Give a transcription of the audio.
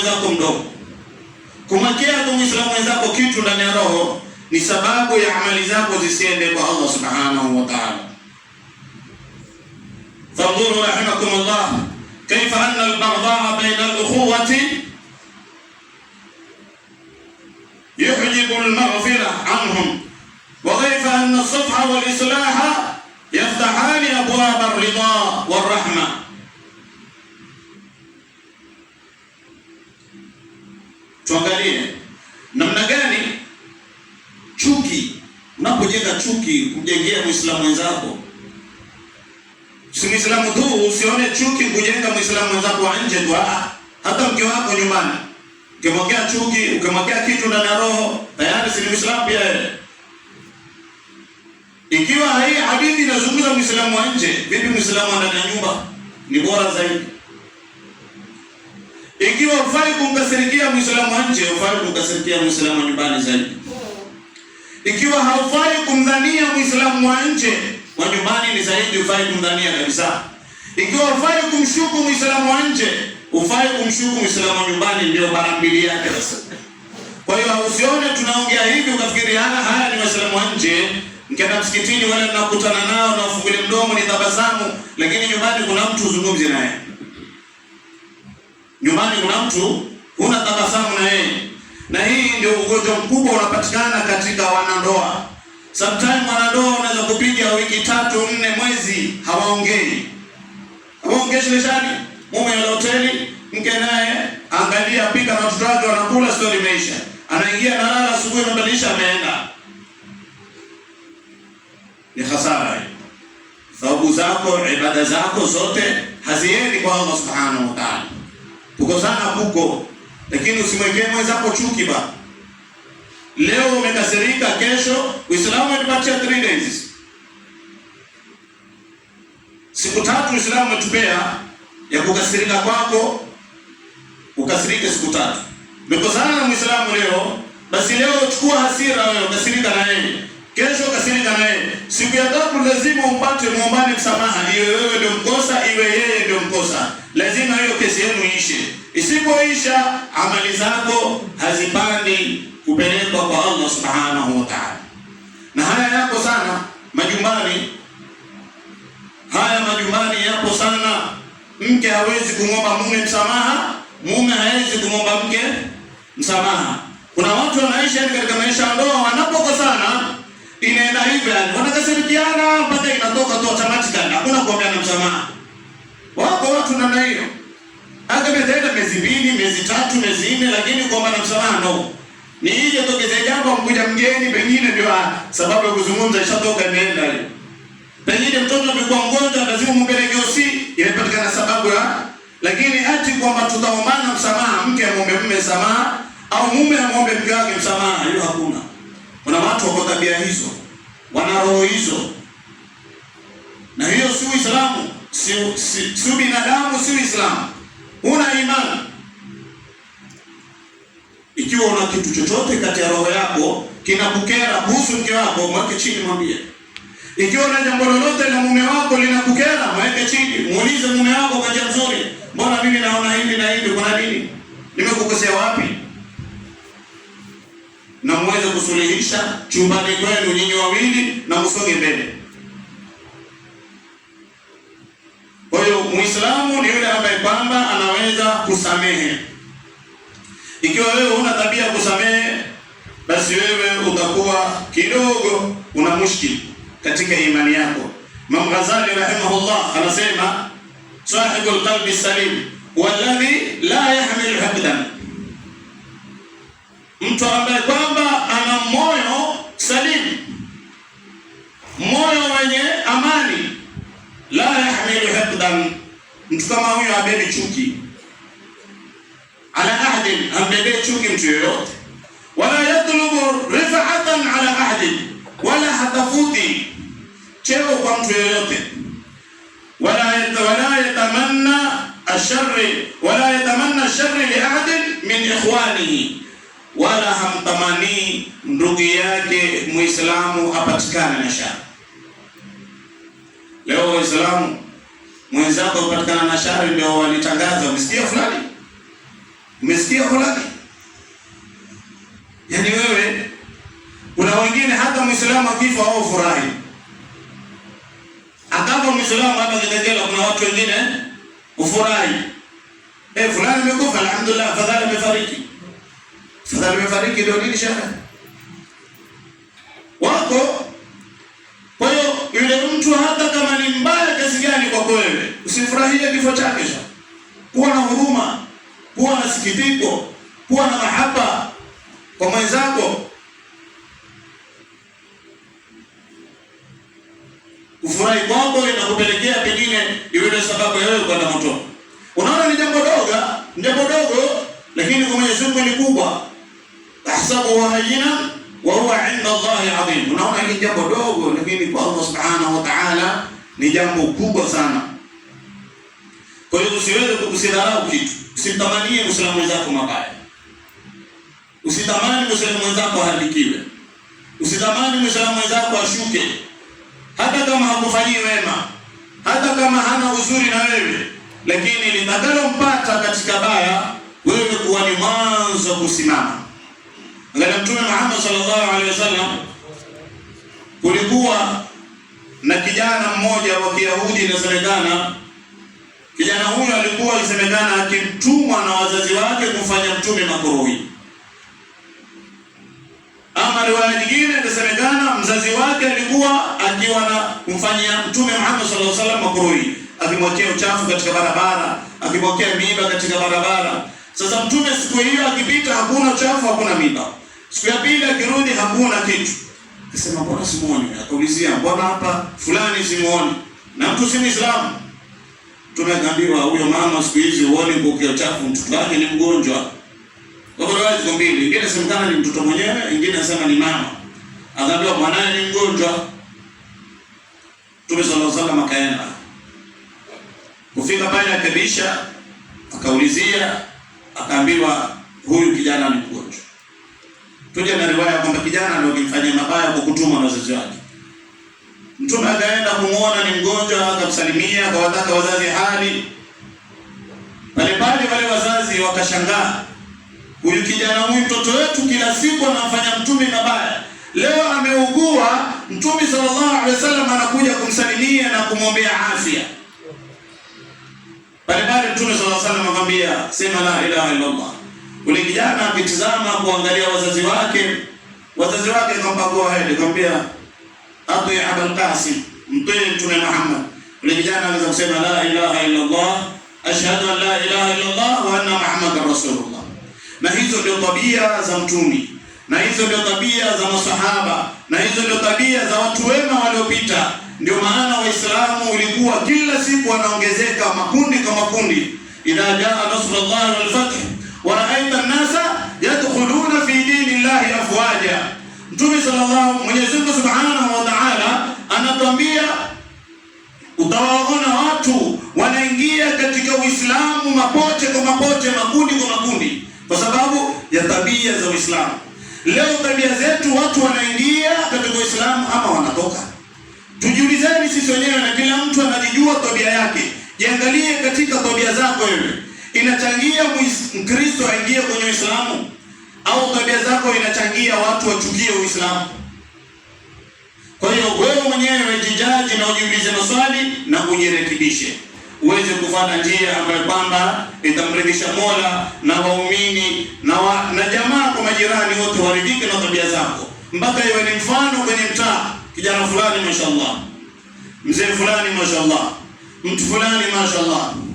mwenzako mdomo. Kumwekea tu Muislamu mwenzako kitu ndani ya roho ni sababu ya amali zako zisiende kwa Allah subhanahu wa ta'ala. Fanduru rahimakumullah kaifa anna al-baghdha bayna al-ukhuwati yuhjibu al-maghfira anhum wa kaifa anna as-safha wal-islaha yaftahani abwaba ar-ridha war-rahma tuangalie namna gani chuki, unapojenga chuki kujengea Muislamu wenzako si Muislamu tu, usione chuki kujenga Muislamu wenzako wa nje tu, hata mke wako nyumbani ukimwekea chuki, ukimwekea kitu ndani ya roho, tayari si Muislamu pia yeye. Ikiwa hii hadithi inazungumza Muislamu wa nje, vipi Muislamu ndani ya nyumba? Ni bora zaidi. Ikiwa ufai kumkasirikia Muislamu nje, ufai kumkasirikia Muislamu nyumbani zaidi. Ikiwa haufai kumdhania Muislamu wa nje wa nyumbani ni zaidi, ufai kumdhania kabisa. Ikiwa ufai kumshuku Muislamu wa nje, ufai kumshuku Muislamu nyumbani, ndio mara mbili yake sasa. Kwa hiyo usione tunaongea hivi ukafikiri haya ah, haya ni Waislamu wa nje. Mkienda msikitini wale mnakutana nao na ufungule mdomo ni tabasamu, lakini nyumbani kuna mtu uzungumzi naye. Nyumbani kuna mtu huna tabasamu na yeye, na hii ndio ugonjwa mkubwa unapatikana katika wanandoa. Sometimes wanandoa wanaweza kupiga wiki tatu nne, mwezi hawaongei, hawaongei lishani, mume ana hoteli, mke naye angalia, pika na watoto wake wanakula, sio limeisha, anaingia na lala, asubuhi anabadilisha, ameenda. Ni hasara thawabu zako, ibada zako zote haziendi kwa Allah subhanahu wa ta'ala kukosana kuko, lakini usimwekee mwenzako chuki ba. Leo umekasirika, kesho Uislamu umetupatia 3 days, siku tatu Uislamu umetupea ya kukasirika kwako, ukasirike siku tatu. Umekosana na Muislamu leo, basi leo chukua hasira wewe, ukasirika na yeye Kesho na naye. Siku ya tatu lazima umpate muombane msamaha, iwe wewe ndio mkosa, iwe yeye ndio mkosa. Lazima hiyo kesi yenu iishe. Isipoisha, amali zako hazipandi kupelekwa kwa Allah subhanahu wa ta'ala. Na haya yako sana majumbani, haya majumbani yako sana. Mke hawezi kumwomba mume msamaha, mume hawezi kumwomba mke msamaha. Kuna watu wanaishi katika maisha ya ndoa wanapokosana inaenda hivyo, wanakasirikiana mpaka inatoka tu automatically, hakuna kuongea na msamaha. Wako watu namna hiyo, hata mezenda miezi mbili, miezi tatu, miezi nne, lakini kuomba na msamaha no. Ni ile tokeze jambo mkuja mgeni, pengine ndio ah, sababu ya kuzungumza, ishatoka imeenda hiyo. Pengine mtoto amekuwa mgonjwa, lazima mumpeleke hosi, imepatikana sababu ya lakini hati kwamba tutaombana msamaha, mke amwombe mume msamaha au mume amwombe mke wake msamaha, hiyo hakuna. Kuna watu wako tabia hizo, wana roho hizo, na hiyo si Uislamu, si binadamu, si Uislamu. Una imani ikiwa una kitu chochote kati ya roho yako kinakukera kuhusu mke wako, mweke chini, mwambie. Ikiwa una jambo lolote na mume wako linakukera, mweke chini, muulize mume wako kwa njia nzuri, mbona mimi naona hivi na hivi, kuna nini? Nimekukosea wapi? muweze kusuluhisha chumbani kwenu nyinyi wawili na msonge mbele. Kwa hiyo Muislamu ni yule ambaye kwamba anaweza kusamehe. Ikiwa wewe una tabia ya kusamehe, basi wewe utakuwa kidogo una mushki katika imani yako. Imam Ghazali rahimahullah anasema, sahibul qalbi salim walladhi la yahmilu habdan mtu ambaye kwamba ana moyo salimu, moyo wenye amani, la yahmilu hiqdan, mtu kama huyo habebi chuki ala ahdin, ambebe chuki mtu yoyote, wala yatlubu rif'atan ala ahdin, wala hatafuti cheo kwa mtu yoyote, wala yatamanna ashari, wala yatamanna shari li ahdin min ikhwanihi wala hamtamanii ndugu yake Muislamu apatikane na shari. Leo Waislamu mwenzako apatikana na shari, ndio walitangaza, umesikia fulani, umesikia fulani. Yaani wewe kuna wengine hata Muislamu akifa wao furahi, akafa Muislamu hata kitegela, kuna watu wengine ufurahi, eh, fulani amekufa, alhamdulillah, afadhali amefariki sasa nimefariki ndio nini shaka? Wako. Kwa hiyo yule mtu hata kama ni mbaya kiasi gani kwa kweli, usifurahie kifo chake sha. Kuwa na huruma, kuwa na sikitiko, kuwa na mahaba kwa mwenzako. Kufurahi kwako inakupelekea pengine iwe ndio sababu wewe kwenda motoni. Unaona ni jambo dogo, ni jambo dogo lakini kwa Mwenyezi Mungu ni kubwa yahsabuhu hayina wa huwa inda Allah adhim. Unaona hili jambo dogo, lakini kwa Allah subhanahu wa ta'ala ni jambo kubwa sana. Kwa hiyo usiweze kukusidharau kitu, usitamanie muislamu wenzako mabaya, usitamani muislamu wenzako aharibikiwe, usitamani muislamu wenzako ashuke, hata kama hakufanyii wema, hata kama hana uzuri na wewe, lakini litakalompata katika baya, wewe kuwa ni mwanzo kusimama ngana Mtume Muhammad sallallahu alaihi wasallam, kulikuwa na kijana mmoja wa Kiyahudi inasemekana kijana huyo alikuwa akisemekana akimtumwa na wazazi wake kumfanya mtume makuruhi. Ama riwaya nyingine inasemekana mzazi wake alikuwa akiwa na kumfanyia mtume Muhammad sallallahu alaihi wasallam makuruhi, akimwekea uchafu katika barabara, akimwekea miiba katika barabara. Sasa mtume siku hiyo akipita, hakuna uchafu, hakuna miiba Siku ya pili akirudi hakuna kitu. Akasema mbona simuoni? Akaulizia mbona hapa fulani simuoni? Na mtu si Muislamu. Tumeambiwa huyo mama siku hizi uone pokeo chafu, mtoto wake ni mgonjwa. Wako na hizo mbili. Ingine inasemekana ni mtoto mwenyewe, ingine nasema ni mama. Akaambiwa mwanae ni mgonjwa. Mtume sallallahu alaihi wasallam akaenda. Kufika pale akabisha, akaulizia, akaambiwa huyu kijana ni mgonjwa. Tuje na riwaya kwamba kijana ndio kimfanyia mabaya kwa kutumwa na wazazi wake. Mtume akaenda kumuona ni mgonjwa, akamsalimia kwa wataka wazazi hali pale pale. Wale wazazi wakashangaa, huyu kijana huyu mtoto wetu kila siku anamfanya mtume mabaya, leo ameugua, mtume sallallahu alaihi wasallam anakuja kumsalimia na kumwombea afya. Pale pale mtume sallallahu alaihi wasallam akamwambia, sema la ilaha illallah Ule kijana akitizama kuangalia wazazi wake, wazazi wake kambagua hadi kwambia ati Abul Qasim, mtee Mtume Muhammad. Ule kijana anaweza kusema la ilaha illa Allah, ashhadu an la ilaha illa Allah wa anna Muhammadar Rasulullah. Na hizo ndio tabia za mtumi, na hizo ndio tabia za masahaba, na hizo ndio tabia za watu wema waliopita. Ndio maana Waislamu ulikuwa kila siku wanaongezeka makundi kwa makundi, idha jaa nasrullahi wal fath wa raaita nasa yadkhuluna fi dini llahi afwaja. Mtume sallallahu, Mwenyezi Mungu subhanahu wa taala anatuambia utawaona watu wanaingia katika Uislamu mapoche kwa mapoche, makundi kwa makundi, kwa sababu ya tabia za Uislamu. Leo tabia zetu, watu wanaingia katika Uislamu ama wanatoka. Tujiulizeni sisi wenyewe, na kila mtu anajijua tabia yake. Jiangalie katika tabia zako wewe inachangia Mkristo aingie kwenye Uislamu au tabia zako inachangia watu wachukie Uislamu? Kwa hiyo wewe mwenyewe wejijaji na ujiulize maswali na ujirekebishe, uweze kufata njia ambayo kwamba itamridhisha Mola na waumini na, wa, na jamaa kwa majirani wote waridhike na tabia zako, mpaka iwe ni mfano kwenye mtaa. Kijana fulani mashaallah, mzee fulani mashaallah, mtu fulani mashaallah